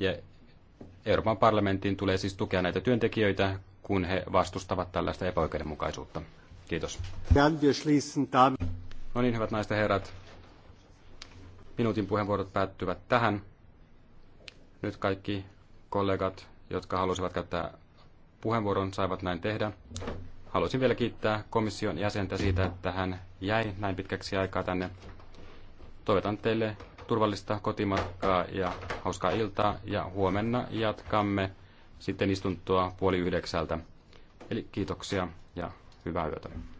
Ja Euroopan parlamentin tulee siis tukea näitä työntekijöitä, kun he vastustavat tällaista epäoikeudenmukaisuutta. Kiitos. No niin, hyvät naiset ja herrat. Minuutin puheenvuorot päättyvät tähän. Nyt kaikki kollegat, jotka halusivat käyttää puheenvuoron, saivat näin tehdä. Haluaisin vielä kiittää komission jäsentä siitä, että hän jäi näin pitkäksi aikaa tänne. Toivotan teille turvallista kotimatkaa ja hauskaa iltaa ja huomenna jatkamme sitten istuntoa puoli yhdeksältä. Eli kiitoksia ja hyvää yötä.